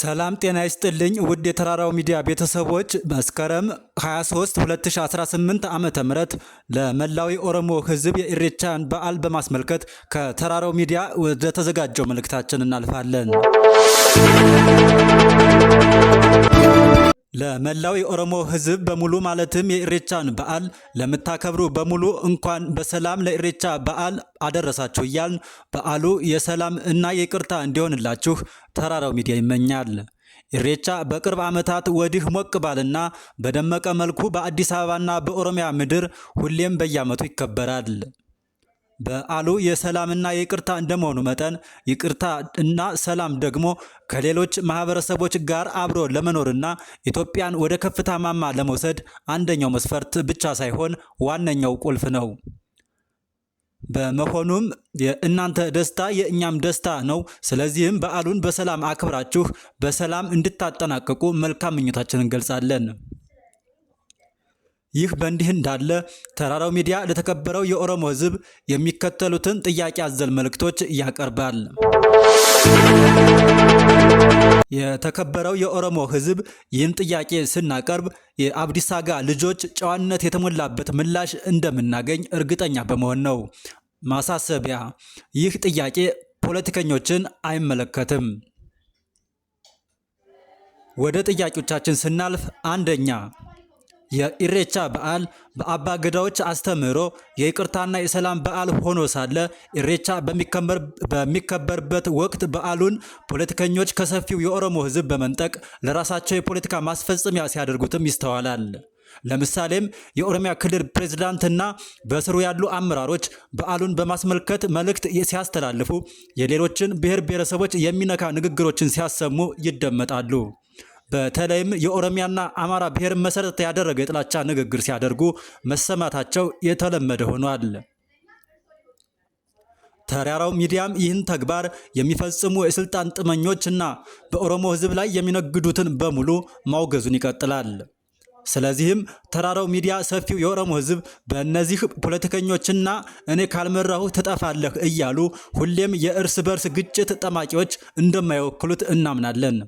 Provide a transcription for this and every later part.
ሰላም ጤና ይስጥልኝ ውድ የተራራው ሚዲያ ቤተሰቦች፣ መስከረም 23 2018 ዓ ም ለመላው የኦሮሞ ህዝብ የኢሬቻን በዓል በማስመልከት ከተራራው ሚዲያ ወደ ተዘጋጀው መልእክታችን እናልፋለን። ለመላው የኦሮሞ ህዝብ በሙሉ ማለትም የኢሬቻን በዓል ለምታከብሩ በሙሉ እንኳን በሰላም ለኢሬቻ በዓል አደረሳችሁ እያልን በዓሉ የሰላም እና የቅርታ እንዲሆንላችሁ ተራራው ሚዲያ ይመኛል። ኢሬቻ በቅርብ ዓመታት ወዲህ ሞቅ ባልና በደመቀ መልኩ በአዲስ አበባና በኦሮሚያ ምድር ሁሌም በየዓመቱ ይከበራል። በዓሉ የሰላምና የይቅርታ እንደመሆኑ መጠን ይቅርታ እና ሰላም ደግሞ ከሌሎች ማህበረሰቦች ጋር አብሮ ለመኖርና ኢትዮጵያን ወደ ከፍታ ማማ ለመውሰድ አንደኛው መስፈርት ብቻ ሳይሆን ዋነኛው ቁልፍ ነው። በመሆኑም የእናንተ ደስታ የእኛም ደስታ ነው። ስለዚህም በዓሉን በሰላም አክብራችሁ በሰላም እንድታጠናቀቁ መልካም ምኞታችንን እንገልጻለን። ይህ በእንዲህ እንዳለ ተራራው ሚዲያ ለተከበረው የኦሮሞ ሕዝብ የሚከተሉትን ጥያቄ አዘል መልእክቶች ያቀርባል። የተከበረው የኦሮሞ ሕዝብ ይህን ጥያቄ ስናቀርብ የአብዲሳጋ ልጆች ጨዋነት የተሞላበት ምላሽ እንደምናገኝ እርግጠኛ በመሆን ነው። ማሳሰቢያ፣ ይህ ጥያቄ ፖለቲከኞችን አይመለከትም። ወደ ጥያቄዎቻችን ስናልፍ አንደኛ የኢሬቻ በዓል በአባ ገዳዎች አስተምህሮ የይቅርታና የሰላም በዓል ሆኖ ሳለ ኢሬቻ በሚከበርበት ወቅት በዓሉን ፖለቲከኞች ከሰፊው የኦሮሞ ሕዝብ በመንጠቅ ለራሳቸው የፖለቲካ ማስፈጸሚያ ሲያደርጉትም ይስተዋላል። ለምሳሌም የኦሮሚያ ክልል ፕሬዝዳንትና በስሩ ያሉ አመራሮች በዓሉን በማስመልከት መልእክት ሲያስተላልፉ የሌሎችን ብሔር ብሔረሰቦች የሚነካ ንግግሮችን ሲያሰሙ ይደመጣሉ። በተለይም የኦሮሚያና አማራ ብሔርን መሰረት ያደረገ የጥላቻ ንግግር ሲያደርጉ መሰማታቸው የተለመደ ሆኗል። ተራራው ሚዲያም ይህን ተግባር የሚፈጽሙ የስልጣን ጥመኞች እና በኦሮሞ ሕዝብ ላይ የሚነግዱትን በሙሉ ማውገዙን ይቀጥላል። ስለዚህም ተራራው ሚዲያ ሰፊው የኦሮሞ ሕዝብ በእነዚህ ፖለቲከኞችና እኔ ካልመራሁ ትጠፋለህ እያሉ ሁሌም የእርስ በርስ ግጭት ጠማቂዎች እንደማይወክሉት እናምናለን።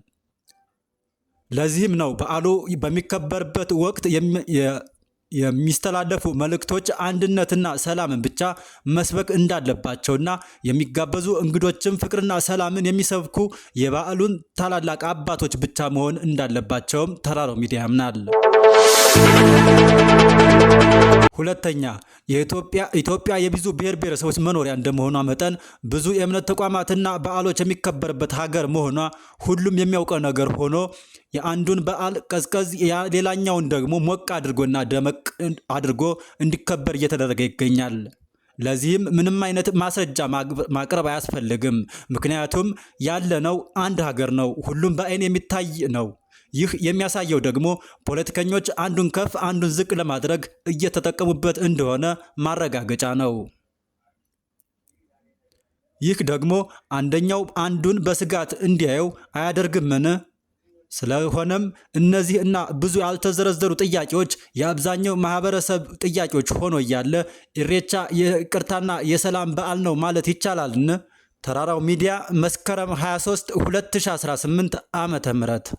ለዚህም ነው በዓሉ በሚከበርበት ወቅት የሚስተላለፉ መልእክቶች አንድነትና ሰላምን ብቻ መስበክ እንዳለባቸውና የሚጋበዙ እንግዶችም ፍቅርና ሰላምን የሚሰብኩ የበዓሉን ታላላቅ አባቶች ብቻ መሆን እንዳለባቸውም ተራራው ሚዲያ ያምናል። ሁለተኛ የኢትዮጵያ ኢትዮጵያ የብዙ ብሔር ብሔረሰቦች መኖሪያ እንደመሆኗ መጠን ብዙ የእምነት ተቋማትና በዓሎች የሚከበርበት ሀገር መሆኗ ሁሉም የሚያውቀው ነገር ሆኖ የአንዱን በዓል ቀዝቀዝ ሌላኛውን ደግሞ ሞቅ አድርጎና ደመቅ አድርጎ እንዲከበር እየተደረገ ይገኛል። ለዚህም ምንም አይነት ማስረጃ ማቅረብ አያስፈልግም። ምክንያቱም ያለነው አንድ ሀገር ነው። ሁሉም በአይን የሚታይ ነው። ይህ የሚያሳየው ደግሞ ፖለቲከኞች አንዱን ከፍ አንዱን ዝቅ ለማድረግ እየተጠቀሙበት እንደሆነ ማረጋገጫ ነው። ይህ ደግሞ አንደኛው አንዱን በስጋት እንዲያየው አያደርግምን? ስለሆነም እነዚህ እና ብዙ ያልተዘረዘሩ ጥያቄዎች የአብዛኛው ማህበረሰብ ጥያቄዎች ሆኖ እያለ ኢሬቻ የቅርታና የሰላም በዓል ነው ማለት ይቻላልን? ተራራው ሚዲያ መስከረም 23 2018 ም